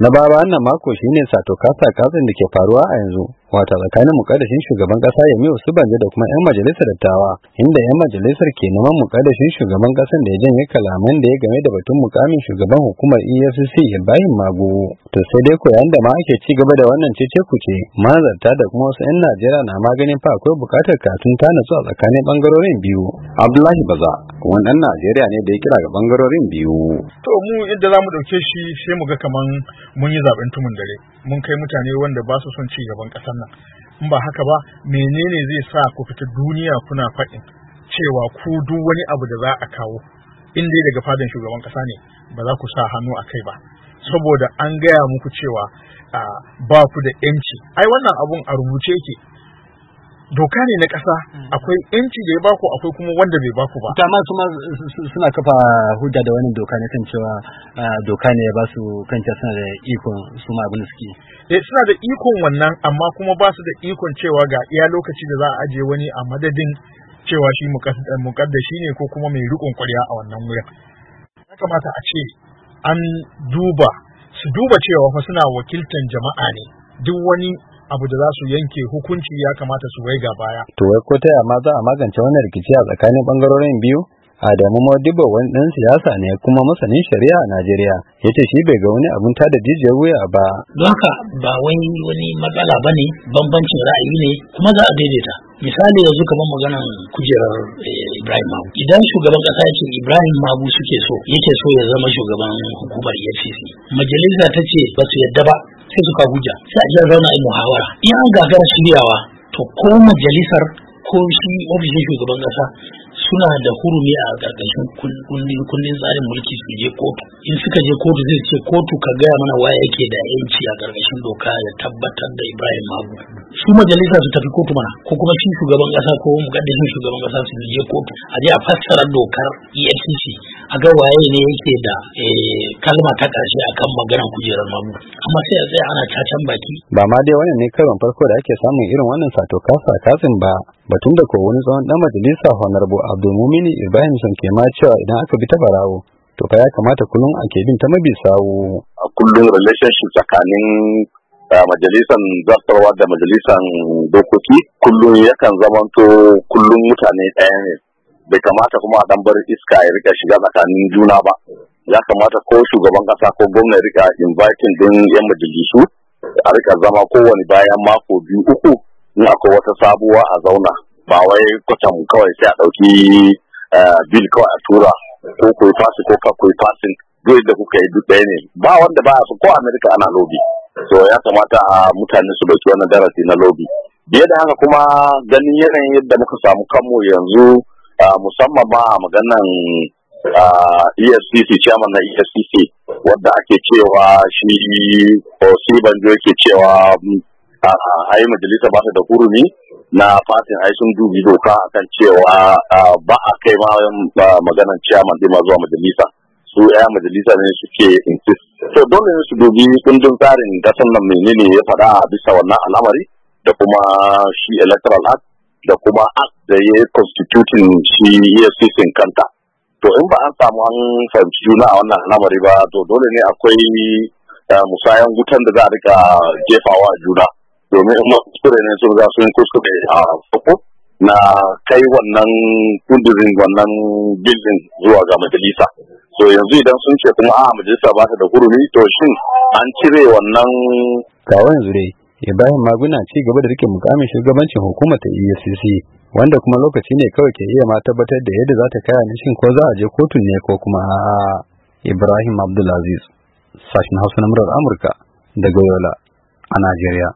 na baba wannan mako shine sato kasa kasan da ke faruwa a yanzu Wata tsakanin mukaddashin shugaban kasa su banje da kuma 'yan majalisar dattawa inda 'yan majalisar ke neman mukaddashin shugaban kasan da ya janye kalaman da ya game da batun mukamin shugaban hukumar EFCC Ibrahim Mago to sai dai ko yayin da ma ake ci gaba da wannan cece kuce mazarta da kuma wasu 'yan Najeriya na maganin fa akwai bukatar katun ta nutsu a tsakanin bangarorin biyu Abdullahi Baza kuma dan Najeriya ne da ya kira ga bangarorin biyu to mu inda zamu dauke shi sai mu ga kaman mun yi zaben tumun dare mun kai mutane wanda ba su son ci gaban kasar wannan in ba haka ba menene zai sa ku fita duniya kuna faɗin cewa ku duk wani abu da za a kawo in dai daga fadan shugaban ƙasa ne ba za ku sa hannu a kai ba saboda an gaya muku cewa ah, ba ku da yanci ai wannan abun a rubuce yake doka ne na ƙasa mm. akwai yanci da ya baku akwai kuma wanda bai baku ba dama kuma suna kafa hujja da wani doka ne kan cewa doka ne ya ba su kanta suna da ikon su ma abin suke eh suna da ikon wannan amma kuma ba su da ikon cewa ga iya lokaci da za a aje wani a madadin cewa shi mukaddashi ne ko kuma mai rikon kwarya a wannan wurin ya kamata a ce an duba su duba cewa fa suna wakiltan jama'a ne duk wani abu da za su yanke hukunci ya kamata su waiga baya. To wai ko taya ma za a magance wannan rikici a tsakanin bangarorin biyu? Adamu Modibo wani ɗan siyasa ne kuma masanin shari'a a Najeriya ya ce shi bai ga wani abun ta da wuya ba. Don ba wani wani matsala ba ne bambancin ra'ayi ne kuma za a daidaita. Misali yanzu kamar maganar kujerar eh, Ibrahim Mabu. Idan shugaban ƙasa ya ce Ibrahim Mabu suke so yake so ya zama shugaban hukumar EFCC. Majalisa ta ce ba su yadda ba sai suka ka sai a je zauna a muhawara in an gagara shiryawa to ko majalisar ko shi ofishin shugaban kasa suna da hurumi a gargashin kundin tsarin mulki su je kotu in suka je kotu zai ce kotu ka gaya mana waye yake da yanci a gargashin doka ya tabbatar da ibrahim magu su majalisa su tafi kotu mana ko kuma shi shugaban kasa ko mukaddashin shugaban kasa su je kotu a je a fassara dokar efcc a ga waye ne yake da eh, kalma ta ƙarshe akan maganar kujerar mamu amma sai a tsaya ana cacan baki ba ma dai wannan ne karon farko da ake samun irin wannan sato kasa kasin ba batun da ko wani tsawon dan majalisa honorable abdulmumini ibrahim sun ke ma cewa idan aka bi ta barawo to fa ya kamata kullum ke bin ta mabi sawo a kullum relationship tsakanin eh, majalisan zartarwa da majalisan dokoki kullum yakan zamanto kullum mutane ɗaya ne bai kamata kuma a ɗan bar iska ya rika shiga tsakanin juna ba ya kamata ko shugaban kasa ko gwamna rika inviting din yan majalisu a rika zama kowane bayan mako biyu uku in akwai wata sabuwa a zauna ba wai kwatan kawai sai a ɗauki eh, bil kawai a tura ko koyi fasi ko ka fasin duk da kuka yi duk ɗaya ne ba wanda ba su ko amerika ana lobi so ya kamata a mutane su dauki wannan darasi na lobi biye da haka kuma ganin yanayin yadda muka samu kanmu yanzu Ah, musamman ma a maganan ah, EFCC chairman na EFCC wadda ake cewa shi Osi Banjo ke cewa a ah, yi majalisa ba da hurumi na fatin ai sun dubi doka akan cewa ba a kai ma maganan chairman din ma zuwa majalisa su ya majalisa ne suke insist to dole ne su dubi kundin tsarin gasar nan menene ya faɗa bisa wannan al'amari da kuma shi electoral act da kuma act da ya constituting shi efcc kanta to in ba an samu an fahimci juna a wannan al'amari ba to dole ne akwai eh, musayan wutan da za a rika jefawa juna domin in kuskure ne sun za su yi kuskure a farko na kai wannan kundurin wannan bildin zuwa ga majalisa so yanzu idan sun ce kuma a ah, majalisa ba ta da kurumi, to shin an cire wannan kawai yanzu dai ibrahim maguna ci gaba da rike mukamin shugabancin hukumar ta efcc wanda kuma lokaci ne kawai ke iya ma tabbatar da yadda za ta kaya ne shin ko za a je kotun ne ko kuma ibrahim abdulaziz sashen hausa na murar amurka daga yola a najeriya